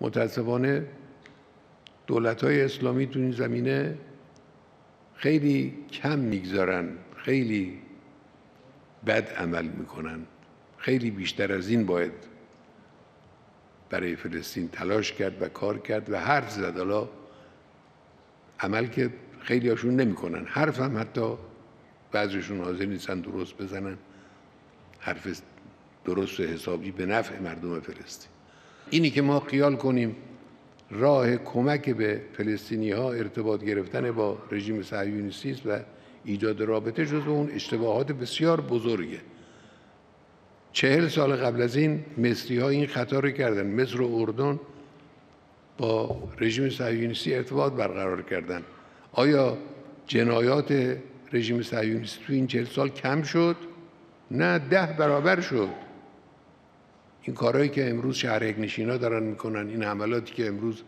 متاسفانه دولت های اسلامی تو این زمینه خیلی کم میگذارن خیلی بد عمل میکنن خیلی بیشتر از این باید برای فلسطین تلاش کرد و کار کرد و حرف زد حالا عمل که خیلی هاشون نمیکنن حرف هم حتی بعضیشون حاضر نیستن درست بزنن حرف درست و حسابی به نفع مردم فلسطین اینی که ما خیال کنیم راه کمک به فلسطینی ها ارتباط گرفتن با رژیم صهیونیستی و ایجاد رابطه جزو اون اشتباهات بسیار بزرگه چهل سال قبل از این مصری ها این خطا رو کردن مصر و اردن با رژیم صهیونیستی ارتباط برقرار کردن آیا جنایات رژیم صهیونیستی تو این چهل سال کم شد؟ نه ده برابر شد این کارهایی که امروز شهر نشینا دارن میکنن این حملاتی که امروز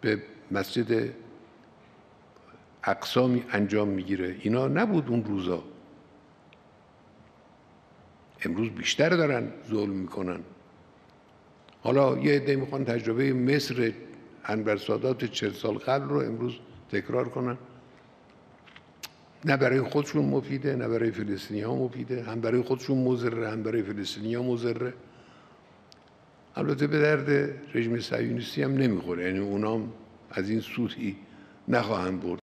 به مسجد اقسامی انجام میگیره اینا نبود اون روزا امروز بیشتر دارن ظلم میکنن حالا یه عده میخوان تجربه مصر انور سادات چهل سال قبل رو امروز تکرار کنن نه برای خودشون مفیده نه برای فلسطینی ها مفیده هم برای خودشون مزره هم برای فلسطینی ها مزره البته به درد رژیم سیونیستی هم نمیخوره یعنی اونام از این سوتی نخواهم برد